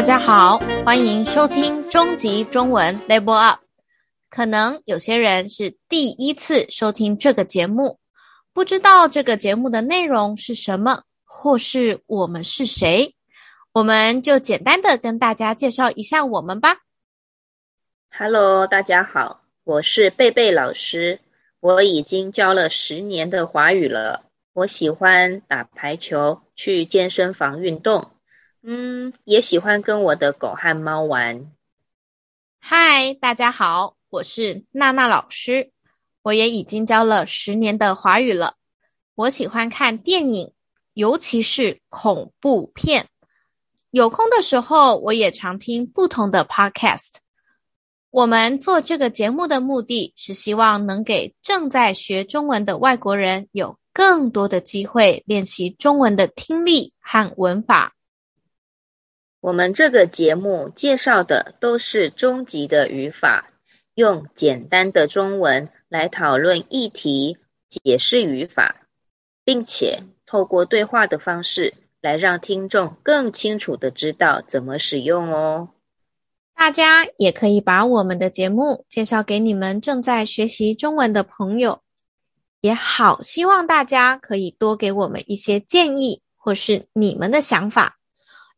大家好，歡迎收聽終極中文 Label Up。可能有些人是第一次收聽這個節目，不知道這個節目的內容是什麼，或是我們是誰。我們就簡單的跟大家介紹一下我們吧。Hello，大家好，我是貝貝老師，我已經教了十年的華語了。我喜歡打排球，去健身房運動。嗯，也喜歡跟我的狗和貓玩。嗨，大家好，我是娜娜老師。我也已經教了十年的華語了。我喜歡看電影，尤其是恐怖片。有空的時候，我也常聽不同的 podcast。我們做這個節目的目的是希望能給正在學中文的外國人有更多的機會練習中文的聽力和文法。我們這個節目介紹的都是中級的語法，用簡單的中文來討論議題、解釋語法，並且透過對話的方式來讓聽眾更清楚的知道怎麼使用哦。大家也可以把我們的節目介紹給你們正在學習中文的朋友，也好，希望大家可以多給我們一些建議或是你們的想法。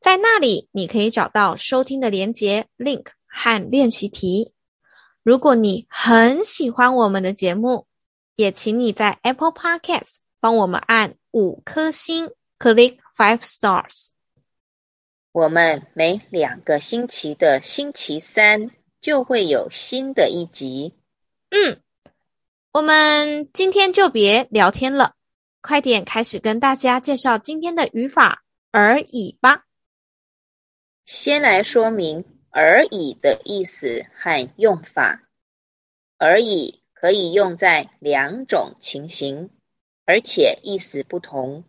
在那裡，你可以找到收聽的連結 link 和練習題。如果你很喜歡我們的節目，也請你在 Apple Podcast 幫我們按五顆星，click five stars。我們每兩個星期的星期三就會有新的一集。嗯，我們今天就別聊天了，快點開始跟大家介紹今天的語法而已吧。先來說明而已的意思和用法。而已可以用在兩種情形，而且意思不同。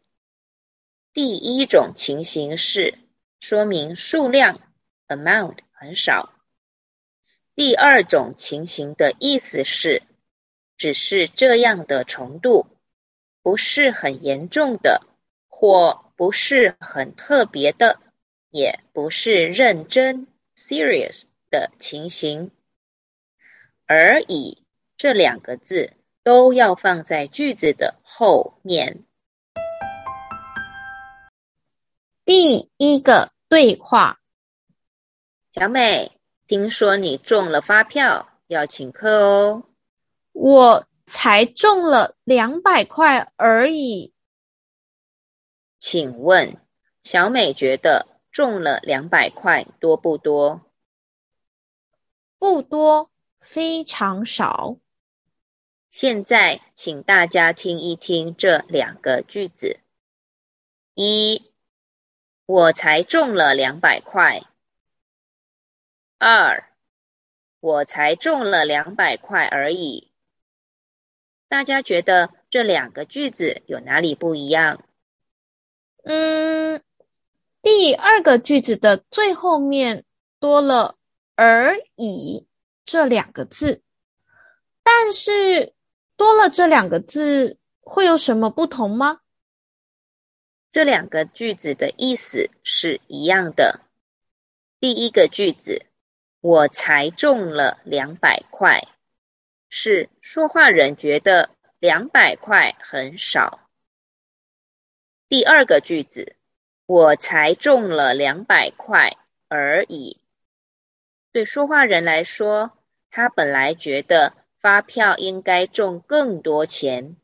第一種情形是說明數量，amount 很少。第二種情形的意思是，只是這樣的程度，不是很嚴重的，或不是很特別的。也不是認真 serious 的情形。而已，這兩個字都要放在句子的後面。第一個對話：小美，聽說你中了發票，要請客哦。我才中了兩百塊而已。請問，小美覺得？中了兩百塊，多不多？不多，非常少。現在請大家聽一聽這兩個句子：一，我才中了兩百塊；二，我才中了兩百塊而已。大家覺得這兩個句子有哪裡不一樣？嗯。第二個句子的最後面多了“而已”這兩個字，但是多了這兩個字會有什麼不同嗎？這兩個句子的意思是一樣的。第一個句子“我才中了兩百塊”，是說話人覺得兩百塊很少。第二個句子。我才中了兩百塊而已。對說話人來說，他本來覺得發票應該中更多錢，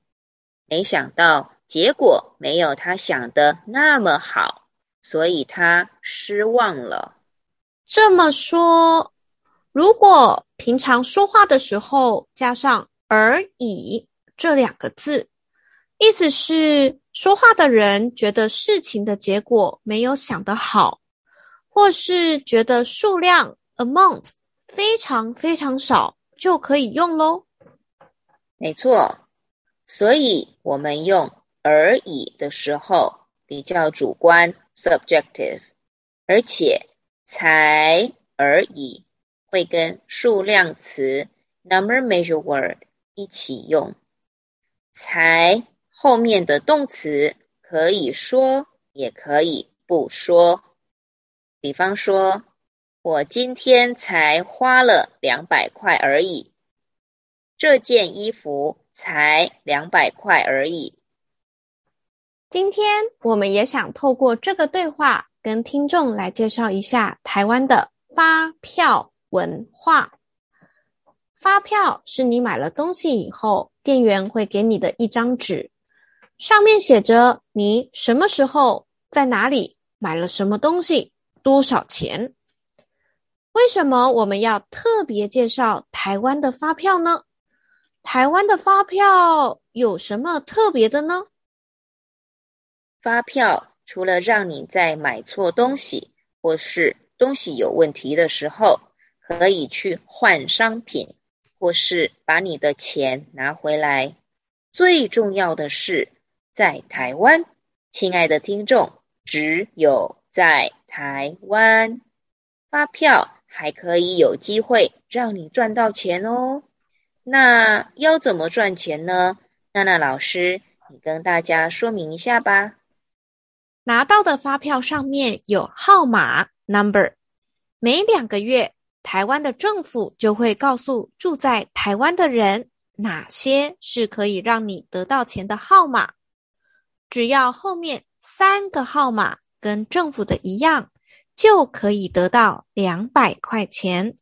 沒想到結果沒有他想的那麼好，所以他失望了。這麼說，如果平常說話的時候加上“而已”這兩個字，意思是？說話的人覺得事情的結果沒有想得好，或是覺得數量 amount 非常非常少，就可以用嘍。沒錯，所以我們用而已的時候比較主觀 subjective，而且才而已會跟數量詞 number measure word 一起用才。後面的動詞可以說，也可以不說。比方說，我今天才花了兩百塊而已。這件衣服才兩百塊而已。今天我們也想透過這個對話，跟聽眾來介紹一下台灣的發票文化。發票是你買了東西以後，店員會給你的一張紙。上面寫着你什麼時候在哪裡買了什麼東西多少錢。為什麼我們要特別介紹台灣的發票呢？台灣的發票有什麼特別的呢？發票除了讓你在買錯東西或是東西有問題的時候可以去換商品，或是把你的錢拿回來。最重要的是，在台灣，親愛的聽眾，只有在台灣，發票還可以有機會讓你賺到錢哦。那要怎麼賺錢呢？娜娜老師，你跟大家說明一下吧。拿到的發票上面有號碼 （number），每兩個月，台灣的政府就會告訴住在台灣的人，哪些是可以讓你得到錢的號碼。只要後面三個號碼跟政府的一樣，就可以得到兩百塊錢。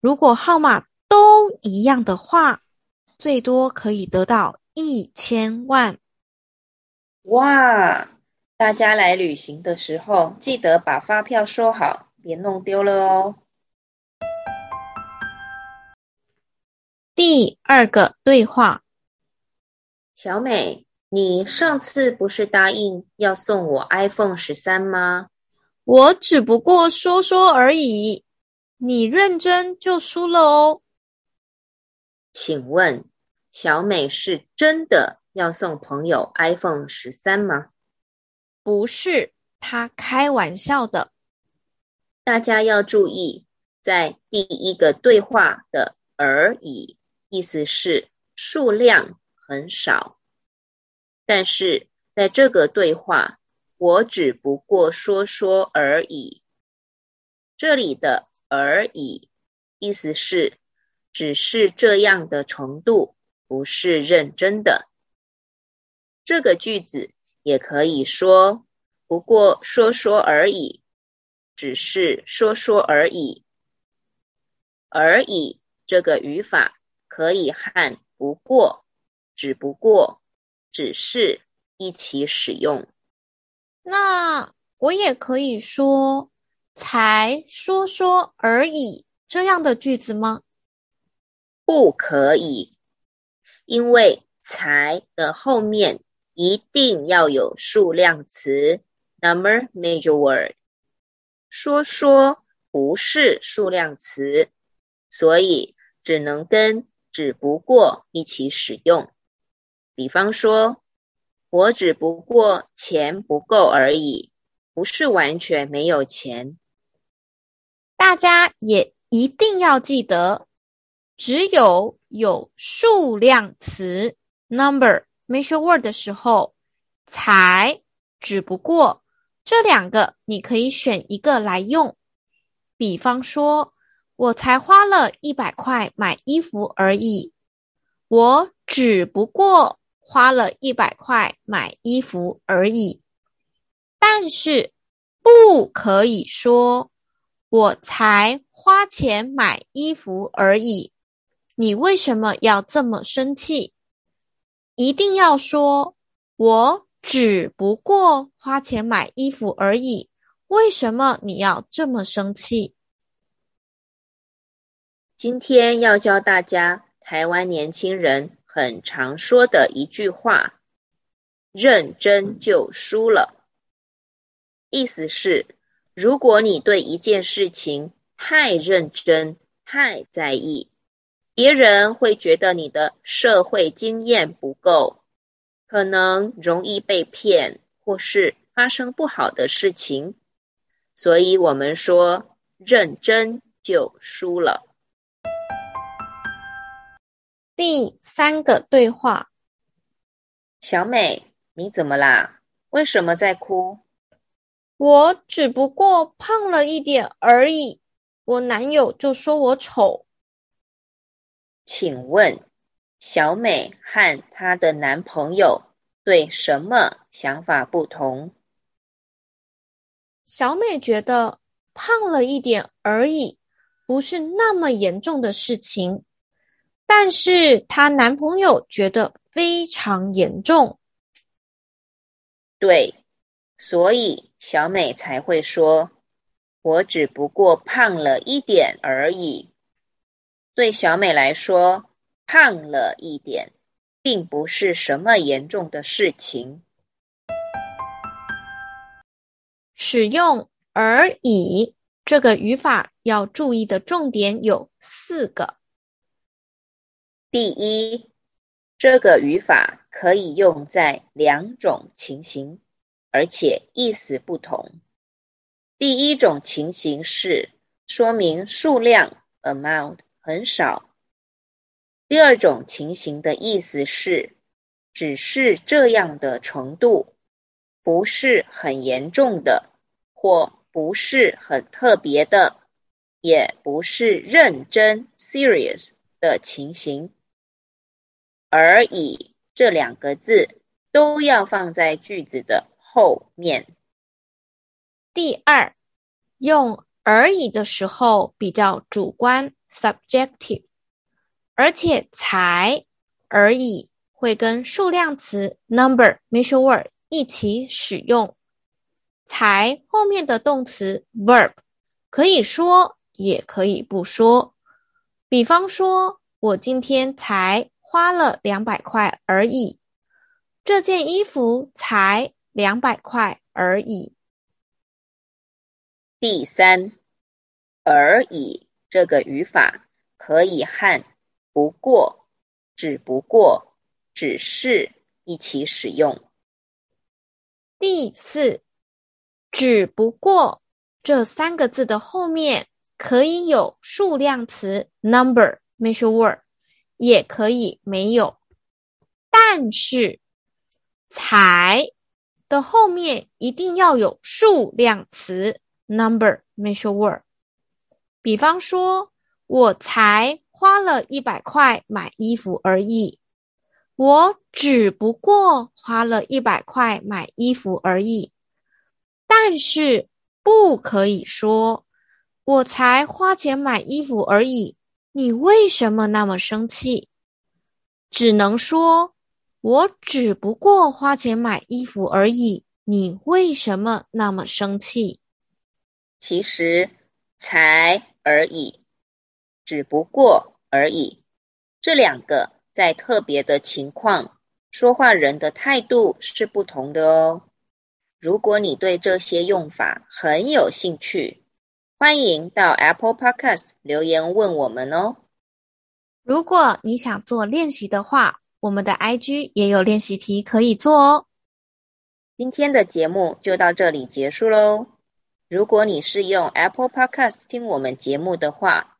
如果號碼都一樣的話，最多可以得到一千萬。哇！大家來旅行的時候，記得把發票收好，別弄丟了哦。第二個對話，小美。你上次不是答應要送我 iPhone 十三嗎？我只不過說說而已，你認真就輸了哦。請問，小美是真的要送朋友 iPhone 十三嗎？不是，她開玩笑的。大家要注意，在第一個對話的“而已”，意思是數量很少。但是在這個對話，我只不過說說而已。這裡的“而已”意思是只是這樣的程度，不是認真的。這個句子也可以說“不過說說而已”，只是說說而已。而已這個語法可以和“不過”、“只不過”。只是一起使用，那我也可以說“才說說而已”這樣的句子嗎？不可以，因為“才”的後面一定要有數量詞 （number major word），“ 說說”不是數量詞，所以只能跟“只不過”一起使用。比方說，我只不過錢不夠而已，不是完全沒有錢。大家也一定要記得，只有有數量詞 （number, measure word） 的時候，才只不過這兩個，你可以選一個來用。比方說，我才花了一百塊買衣服而已，我只不過。花了一百塊買衣服而已，但是不可以說我才花錢買衣服而已。你為什麼要這麼生氣？一定要說，我只不過花錢買衣服而已。為什麼你要這麼生氣？今天要教大家台灣年輕人很常說的一句話：“認真就輸了。”意思是，如果你對一件事情太認真、太在意，別人會覺得你的社會經驗不夠，可能容易被騙，或是發生不好的事情。所以我們說：“認真就輸了。”第三個對話：小美，你怎麼啦？為什麼在哭？我只不過胖了一點而已，我男友就說我醜。請問，小美和她的男朋友對什麼想法不同？小美覺得胖了一點而已，不是那麼嚴重的事情。但是她男朋友覺得非常嚴重，對，所以小美才會說：“我只不過胖了一點而已。”對小美來說，胖了一點，並不是什麼嚴重的事情。使用“而已”這個語法要注意的重點有四個。第一，這個語法可以用在兩種情形，而且意思不同。第一種情形是說明數量，amount 很少。第二種情形的意思是，只是這樣的程度，不是很嚴重的，或不是很特別的，也不是認真 serious 的情形。而已這兩個字都要放在句子的後面。第二，用而已的時候比較主觀 （subjective），而且才而已會跟數量詞 （number）measure word 一起使用。才後面的動詞 （verb） 可以說也可以不說。比方說，我今天才花了兩百塊而已，這件衣服才兩百塊而已。第三，而已這個語法可以和不過、只不過、只是一起使用。第四，只不過這三個字的後面可以有數量詞、number、measure word。也可以沒有，但是“才”的後面一定要有數量詞 （number），measure word。比方說，我才花了一百塊買衣服而已。我只不過花了一百塊買衣服而已。但是不可以說“我才花錢買衣服而已”。你為什麼那麼生氣？只能說，我只不過花錢買衣服而已。你為什麼那麼生氣？其實，才而已、只不過而已，這兩個在特別的情況，說話人的態度是不同的哦。如果你對這些用法很有興趣，歡迎到 Apple Podcast 留言問我們哦。如果你想做練習的話，我們的 IG 也有練習題可以做哦。今天的節目就到這裡結束嘍。如果你是用 Apple Podcast 聽我們節目的話，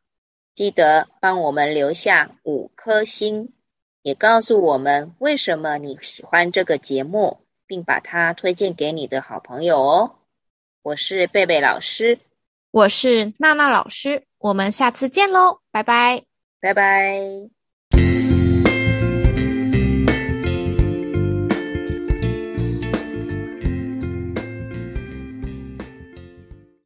記得幫我們留下五顆星，也告訴我們為什麼你喜歡這個節目，並把它推薦給你的好朋友哦。我是貝貝老師。我是娜娜老師，我們下次見嘍，拜拜，拜拜。